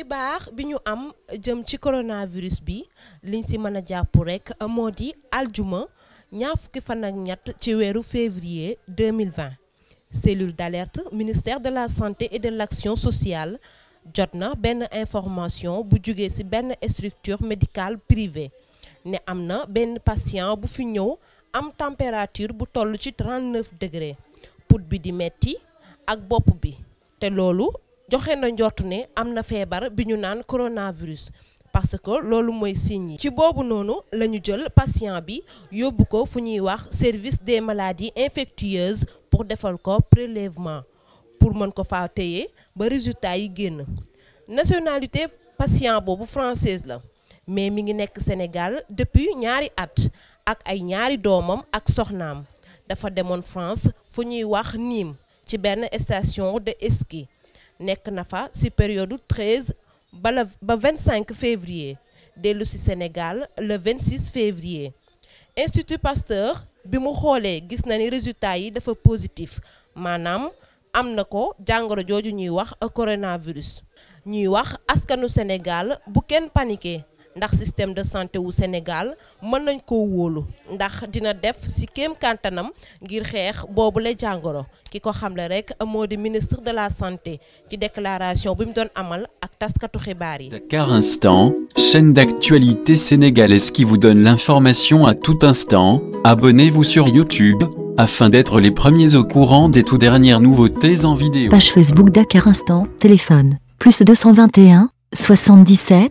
xibaar bi ñu am jëm ci coronavirus bi liñ si mën a jàpp rek moo di aljuma ñaar fukki fan ak ñett ci weeru février 2020 cellule d'alerte ministère de la santé et de l'action sociale jot na benn information bu jugee ci benn structure médicale privée ne am na benn patient bu fi ñëw am température bu toll ci 39 degré put bi di metti ak bopp bi te loolu joxe na njortu ne am na feebar bi ñu naan coronavirus parce que loolu mooy signe ci boobu noonu la ñu jël patient bi yóbbu ko fu ñuy wax service des maladies infectieuses pour defal ko prélèvement pour mën ko faa téye ba résultat yi génn nationalité patient boobu française la mais mi ngi nekk Sénégal depuis ñaari at ak ay ñaari doomam ak soxnaam dafa demoon France fu ñuy wax nim ci benn station de ski nek nafa fa ci période 13 ba 25 février dellu ci Sénégal le 26 février Institut Pasteur bi mu xolé gis na ni résultat yi dafa positif manam am ko wax coronavirus ñuy wax askanu Sénégal bu ken paniqué le système de santé au Sénégal mën nañ ndax dina def ministre de la santé ci déclaration amal ak Dakar Instant chaîne d'actualité sénégalaise qui vous donne l'information à tout instant abonnez-vous sur YouTube afin d'être les premiers au courant des tout dernières nouveautés en vidéo. Page Facebook Dakar Instant téléphone plus 221 77